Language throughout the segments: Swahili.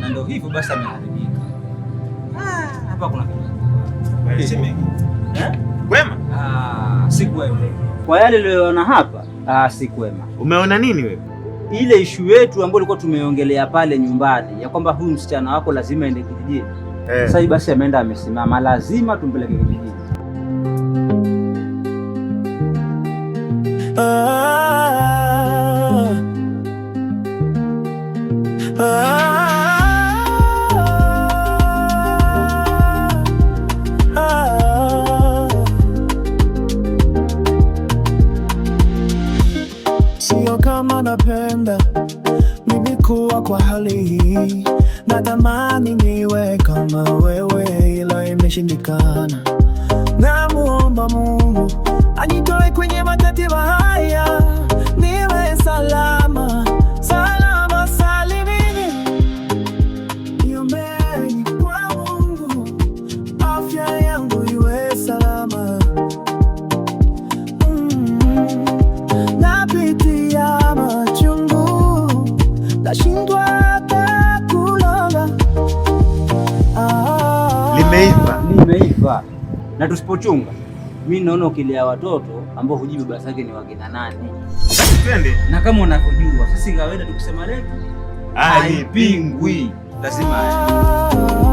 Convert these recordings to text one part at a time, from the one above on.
na ndio hivyo basi ameharibika. Ah, Hapa kuna eh? kwema? Ah, si kwema. Kwa yale uliyoona hapa, ah, si kwema. Umeona nini wewe? Ile ishu yetu ambayo ilikuwa tumeongelea pale nyumbani ya kwamba huyu msichana wako lazima aende kijijini. Hey. Eh. Sasa basi ameenda amesimama, lazima tumpeleke kijijini. Ah, ah, ah. unapenda kuwa kwa hali hii, natamani niwe kama wewe, ila imeshindikana. Namuomba Mungu anitoe kwenye matatizo haya, niwe salama. tunafaa na tusipochunga, mi naona ukilea watoto ambao hujui baba zake ni wakina nani, twende na kama unavyojua sisi kawaida tukisema retu haipingwi lazima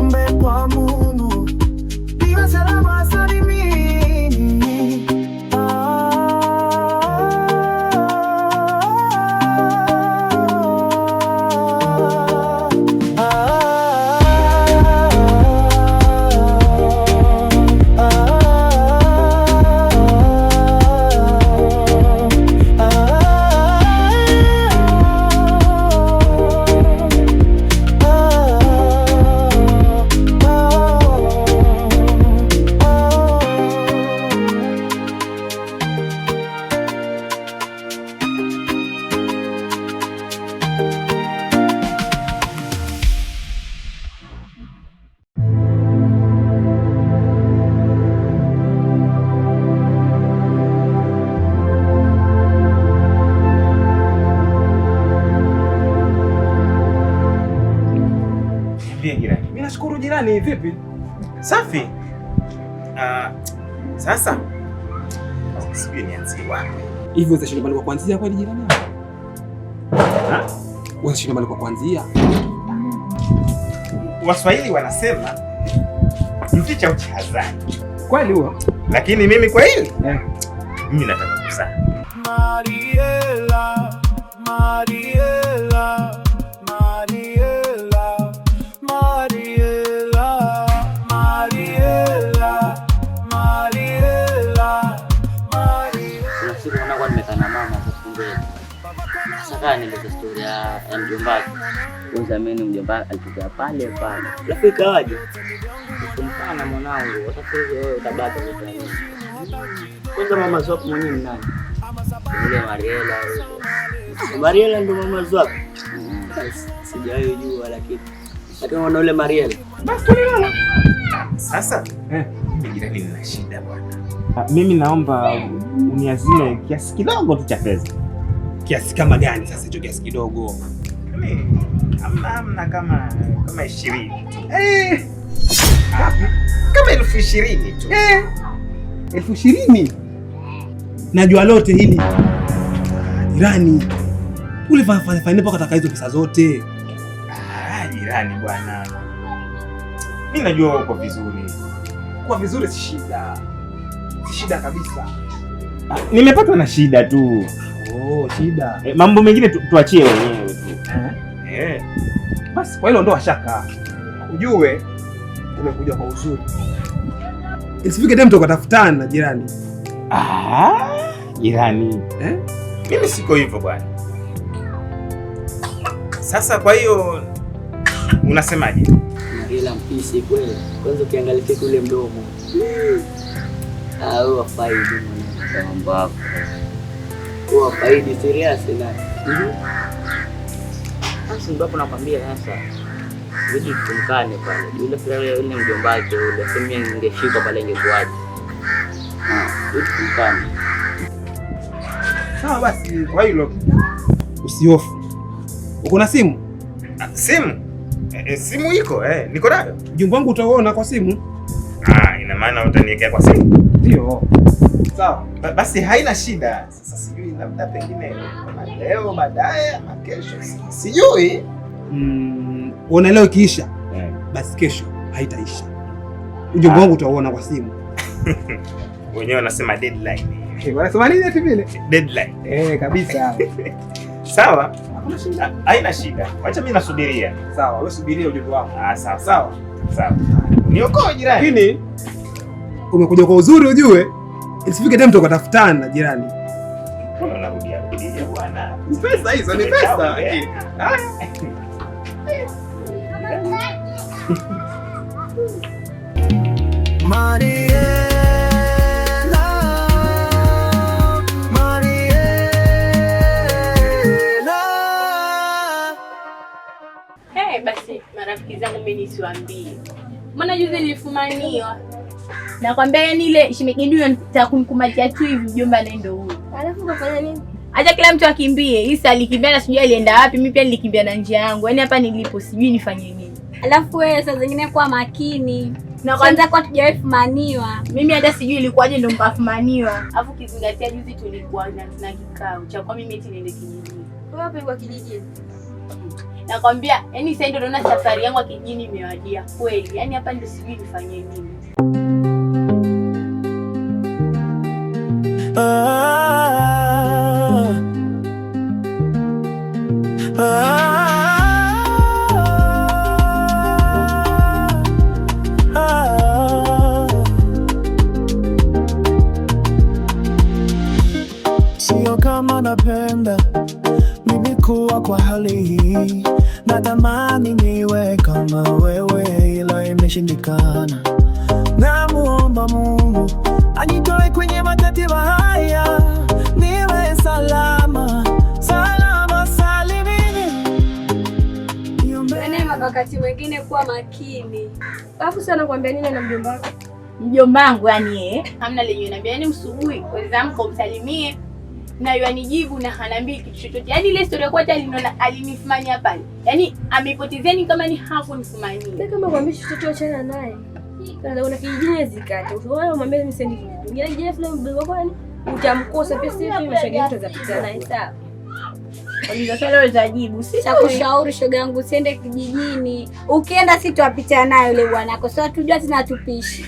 Niombe kwa Mungu niwe salama salimia gani? Vipi? Safi. Ah, sasa sijui nianzie wapi. Hivi unashinda mali kwa kuanzia kweli jirani yako? Ah. Unashinda mali kwa kuanzia? Waswahili wanasema mficha uchi hazani. Kweli huo? Lakini mimi kwa hili yeah. Mimi nataka kuzaa. Mariela, Mariela. mjomba wake. Kwanza mimi mjomba alitokea pale pale. Rafiki waje. Kumpana mwanangu, utafika wewe utabaki kwa nini? Kwanza mama zako mwenyewe ni nani? Yule Mariela. Mariela ndio mama zako. Sijawahi jua lakini lakini mwana ule Mariela. Basi tulilala. Sasa eh, jirani nina shida bwana. Ah, mimi naomba uniazime kiasi kidogo tu cha pesa. Kiasi kama gani sasa hicho kiasi kidogo? mimi amna amna kama kama ishirini eh, kama elfu ishirini tu eh, elfu ishirini najua lote hili jirani ule fanipo hizo pesa zote. Ah, bwana, mimi najua uko vizuri, kwa vizuri si shida, si shida kabisa. Ah, nimepatwa na shida tu. Oh, shida eh, mambo mengine tuachie wenyewe Eh, basi kwa hilo ndo washaka ujue umekuja kwa uzuri, isifike dem tukatafutana na jirani. Aha, jirani eh? Mimi siko hivyo bwana. Sasa kwa hiyo unasemaje? Ila mpishi kweli, kwanza ukiangalia kule mdomo kwa kwa faidi serious na basi hapo nakwambia sasa bidi tumkane pale. Yule pale yule mjomba wake yule semia ningeshika pale ingekuaje? Ah, bidi tumkane. Sawa basi kwa hilo. Usihofu. Uko na simu? Ah, simu? E, simu iko eh, niko nayo. Mjomba wangu utaona kwa simu. Ah, ina maana utaniwekea kwa simu. Ndio sawa, basi haina shida. Sasa sijui labda pengine leo baadaye ama kesho, sijui mm, uone leo ikiisha yeah. Basi kesho haitaisha, ujumbe ah. wangu utauona kwa simu wenyewe wanasema deadline. Eh, wanasema nini eti vile? Deadline. Eh, kabisa. Sawa, Hakuna shida. haina shida. Wacha mimi nasubiria. Sawa, wewe subiria ujumbe wangu. Ah, sawa. Sawa. Sawa. Niokoe jirani. Lakini umekuja kwa uzuri ujue Isifike tena mtu akatafutana jirani. pesa hizo, ni pesa. Eh. basi marafiki zangu mimi nisiwaambie. Maana juzi nilifumaniwa Nakwambia yani ile shemeji nitakumkumatia tu hivi mjomba nendo huyo. Alafu kafanya nini? Acha kila mtu akimbie. Isa alikimbia na sijui alienda wapi, mimi pia nilikimbia na njia yangu. Yaani hapa nilipo sijui nifanye nini. Alafu wewe saa zingine kuwa makini. Na kwanza kwa tujawahi fumaniwa. Mimi hata sijui ilikuwaje ndo mkafumaniwa. Alafu kizingatia juzi tulikuwa na tuna kikao cha kwa mimi eti niende kijijini. Wewe Wapi kwa kijijini? Nakwambia, yani sasa ndio naona safari yangu kijijini imewadia kweli. Yaani hapa ndio sijui nifanye nini. Sio kama napenda mimi kuwa kwa hali hii, natamani niwe kama wewe, ila imeshindikana. Namuomba Mungu anitoe kwenye matatizo haya, niwe salama salama salimini. Neema, wakati mwingine kuwa makini. Alafu sana kuambia nini na mjomba wako? Mjomba wangu yani eh, hamna lenye ananiambia yani, msubuhi wenzangu msalimie na yanijibu na hanaambii kitu chochote. Yaani ile historia kwa hata aliniona alinifumania pale. Yaani amepotezeni kama ni hafu nifumanie. Kama kwambishi chochote achana naye una kijinyezi kati mwambie utamkosa pia. shoga yangu, usiende kijijini. Ukienda si twapita naye yule bwanako, so tujua tena tupishi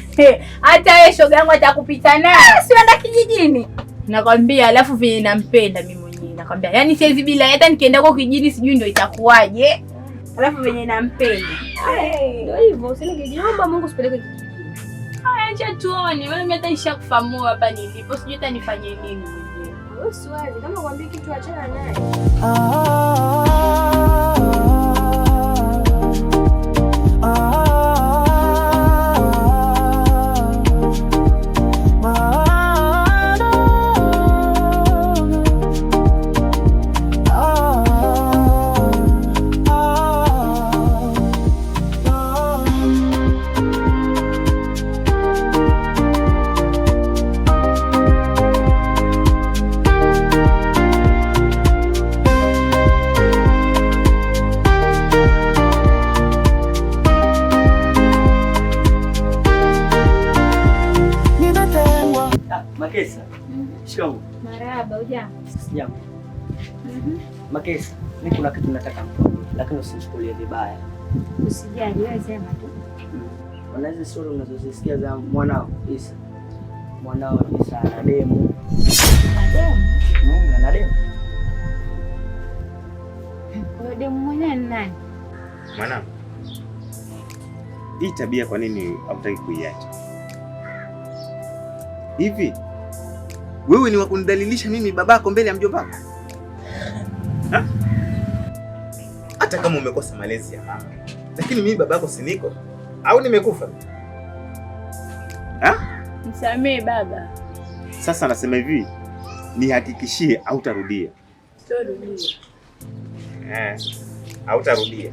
hata yeye shoga yangu atakupita naye, eh, sienda kijijini nakwambia. Alafu vile nampenda mimi mwenyewe nakwambia, yaani siwezi bila, hata nikienda kijijini sijui ndio itakuwaje alafu venye nampenda ndio hivyo, usinikijiomba Mungu sipeleke kitu kingine. Acha tuone, wewe mimi hata nishakufahamu hapa nilipo, sijui hata nifanye nini. Wewe swali kama kwambia kitu achana naye. Ah, ah, ah. Mm-hmm. Makesi, mimi kuna kitu nataka lakini usinichukulie vibaya. Usijali, wewe sema tu. Kuna mm. hizo stori unazozisikia za mwanao Isa. Mwanao Isa ana demu. Demu? Mm, ana demu. Kwa demu mwenyewe ni nani? Mwanao. Hii tabia kwa nini hautaki kuiacha? Hivi wewe ni wakundalilisha mimi babako mbele ya mjomba wako. Hata kama umekosa malezi ya mama, lakini mimi babako siniko au nimekufa? Msamee baba. Sasa nasema hivi, nihakikishie hautarudia. Sitarudia. hautarudia.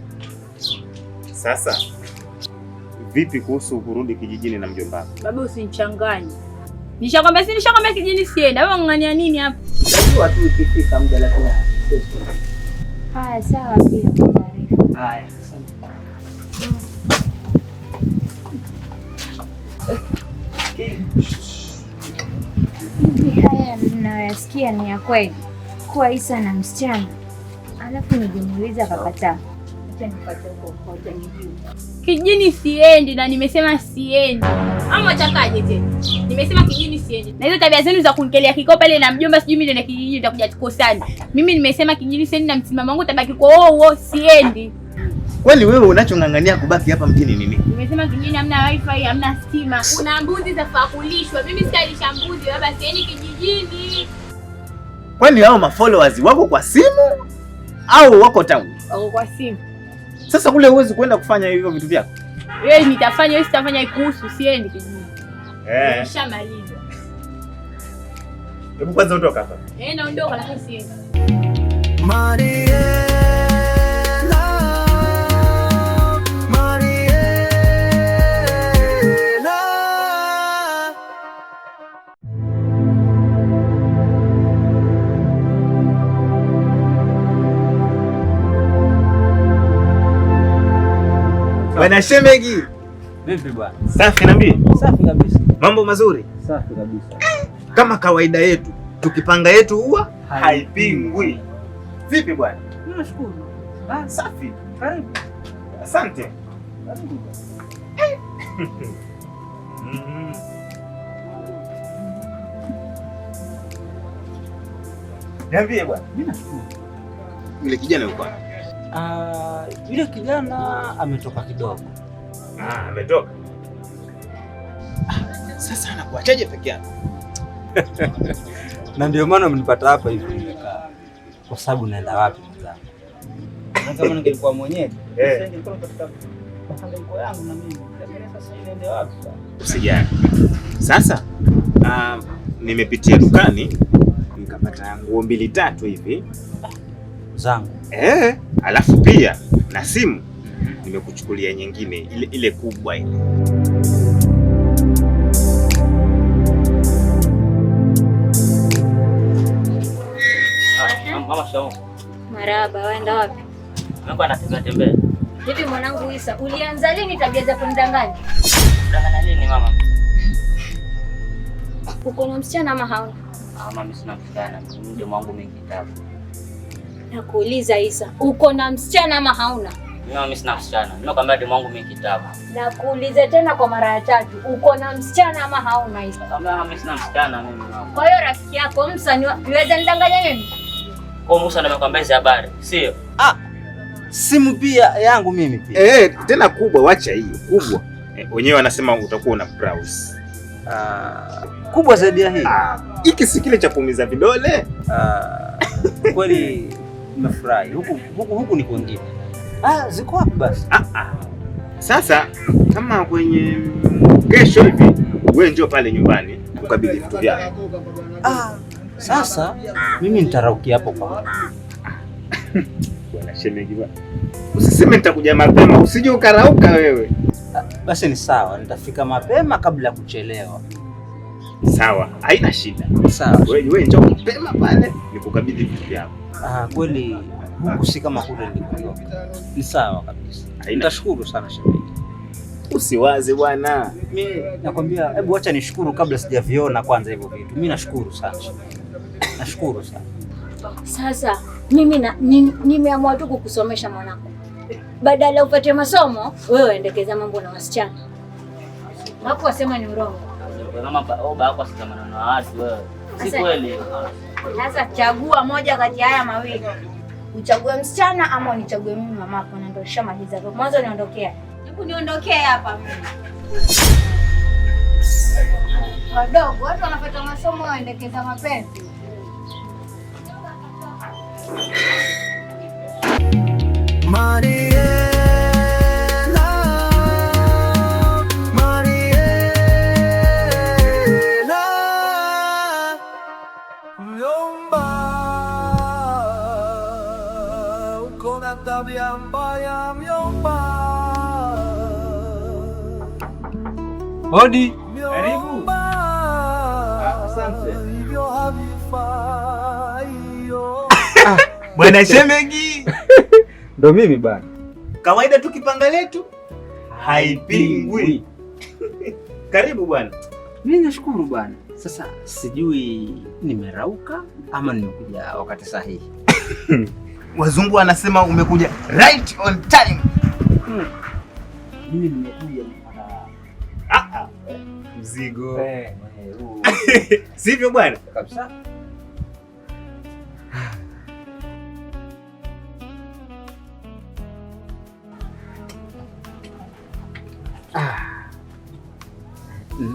Sasa vipi kuhusu kurudi kijijini na mjomba wako? Baba, usinichanganye. Nishakwambia si nishakwambia kijini sienda. Wewe ung'ang'ania nini hapa? Unajua tu ikifika muda lazima. Haya sawa pia taarifa. Haya. Hivi haya mnayoyasikia ni ya kweli kuwa Isa na msichana, alafu nijimuuliza kapata Kijini siendi, na nimesema siendi. Ama chakaje tena? Nimesema kijini siendi. Na hizo tabia zenu za kunkelea kiko pale na mjomba sijui mimi ndio kijini nitakuja tukosani. Mimi nimesema kijini siendi na msimamo wangu tabaki kwa wao oh, wao oh, siendi. Kweli wewe unachong'ang'ania kubaki hapa mjini nini? Nimesema kijini hamna wifi, hamna stima. Kuna mbuzi za kufakulishwa. Mimi sitalisha mbuzi, baba siendi kijijini. Kwani hao mafollowers wako kwa simu au wako town? Wako kwa simu. Sasa kule huwezi kwenda kufanya hivyo vitu vyako. Wewe nitafanya wewe sitafanya ikuhusu, siendi kijiji. Eh. Nishamaliza. Hebu kwanza ondoka hapa. Eh, naondoka lakini siendi. Bwana Shemegi. Vipi bwana? Safi nambi? Safi kabisa. Mambo mazuri? Safi kabisa. Kama kawaida yetu tukipanga yetu huwa haipingwi. Vipi bwana? Nashukuru. Ah, safi. Karibu. Asante. Karibu. Mm-hmm. Niambie bwana. Mimi nashukuru. Yule kijana yuko wapi? Uh, yule kijana ametoka kidogo. Ah, ametoka. Ah, sasa anakuachaje peke yake? Na ndio maana mnipata hapa hivi. Kwa sababu naenda wapi mzangu? kama ningelikuwa mwenyewe, ningekuwa eh. katika mahangaiko yangu na mimi. Lakini sasa niende wapi? Usijali. Sasa uh, nimepitia dukani nikapata nguo mbili tatu hivi zangu Eh, alafu pia na simu nimekuchukulia nyingine ile, ile kubwa ile. Marahaba, waenda wapi? Anatembea tembea. Hivi mwanangu Isa, ulianza lini tabia za kumdanganya? Danganya nini mama? Uko na msichana ama hauna? Ah, mama, sina msichana. Mdomo wangu umekitabu. Nakuuliza Isa, uko na msichana ama hauna? Mimi mimi sina msichana. Mimi Nimekwambia demu wangu mimi kitabu. Nakuuliza tena kwa mara ya tatu, uko na msichana ama hauna Isa? Mimi sina msichana mimi. Kwa hiyo rafiki yako Musa niweza nidanganya mimi? Kwa Musa ndo amekwambia hizo habari, sio? Ah. Simu pia yangu mimi pia. Eh, eh tena kubwa, wacha hiyo kubwa. Eh, wenyewe wanasema utakuwa una browse. Ah, kubwa zaidi ya hii. Ah, hiki si kile cha kuumiza vidole. Ah, kweli mmefurahi, huku huku huku ni kwingine Ah, ziko wapi basi? Ah, ah. Sasa kama kwenye kesho hivi, wewe njoo pale nyumbani ukabidhi vitu vyako. Ah, sasa mimi nitaraukia hapo kwa bwana shemeji bwana. Usiseme nitakuja mapema, usije ukarauka wewe. Ah, basi ni sawa, nitafika mapema kabla ya kuchelewa. Sawa, haina shida. Sawa. Wewe wewe njoo mapema pale nikukabidhi vitu vyako. Ah, kweli huku si kama kule nilikotoka. Ni sawa kabisa. Nitashukuru sana shemeji. Usiwaze bwana. Mimi nakwambia, hebu acha nishukuru kabla sijaviona kwanza hivyo vitu. Mimi nashukuru sana. Nashukuru sana. Sasa mimi nimeamua tu kukusomesha mwanako. badala upate masomo wewe endekeza mambo na wasichana wako, wasema ni urongo kama oh, Si kweli. Sasa chagua moja kati ya haya mawili. Uchague msichana ama unichague mimi mamako na ndio shamaliza. Mwanzo niondokea. Hebu niondokee hapa mimi. Wadogo, watu wanapata masomo waendekeza mapenzi. Maria kuna tabia mbaya myomba. Hodi, karibu. Ah, asante. Hivyo ah, Bwana Shemegi. Ndo mimi bwana Kawaida tu kipanga letu haipingwi. Karibu bwana. Mimi nashukuru bwana. Sasa sijui nimerauka ama nimekuja wakati sahihi. wazungu wanasema umekuja right on time. mzigo, sivyo bwana? Kabisa. Ah.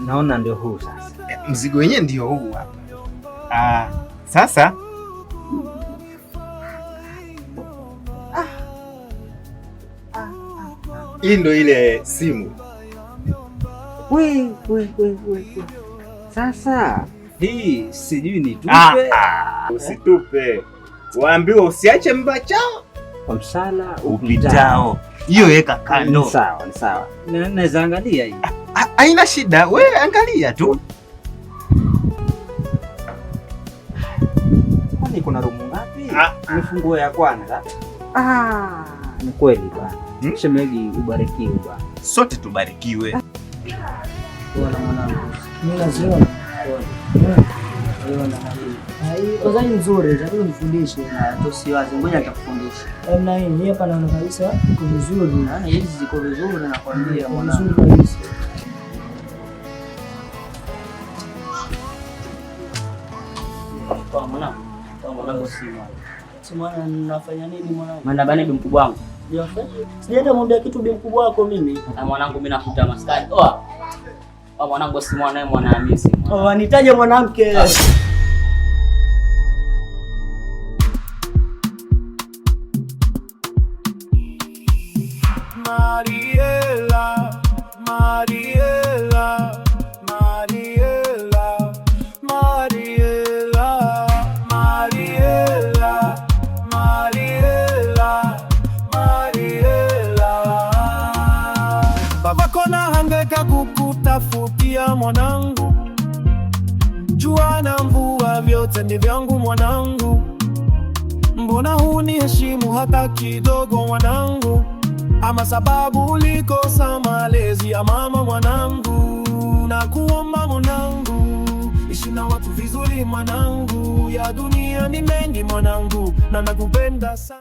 Naona ndio huu sasa, eh, mzigo wenyewe ndio huu hapa. Ah, sasa Hii ndo ile simu. We, we, we, we. Sasa hii sijui nitupe. Ah, ah, usitupe. Waambiwa usiache mbachao kwa msala upitao. Hiyo weka kando. Ni sawa, ni sawa. Naweza angalia hii. Ah, ah, haina shida, we angalia tu. Kwani kuna rumu ngapi? Nifungue ya kwanza. Ah, ni kweli bwana hmm? Shemeji, ubarikiwe bwana, sote tubarikiwe. Ozani mzuri, lakini nifundishe na tusiwaze, ngoja nitakufundisha. Namna hii hapa naona kabisa iko vizuri na hizi ziko vizuri na kwambia hmm, mwana. Vizuri kabisa. Mwana, mwana, mwana, mwana, mwana, mwana. mwana, mwana mwana, mwana, mwana, mwana, mwana, mwana, mwana, mwana Sijaenda mwambia kitu bi mkubwa wako mimi. Na mwanangu mimi nakuta maskani. Oa. Oh, oh, mwanangu si mwanae mwanaamisi. Oa, oh, nitaje mwanamke. Ah. mwanangu, jua na mvua vyote ni vyangu mwanangu, mbona huniheshimu hata kidogo mwanangu? Ama sababu ulikosa malezi ya mama mwanangu, na kuomba mwanangu, ishi na watu vizuri mwanangu, ya dunia ni mengi mwanangu, na nakupenda sana.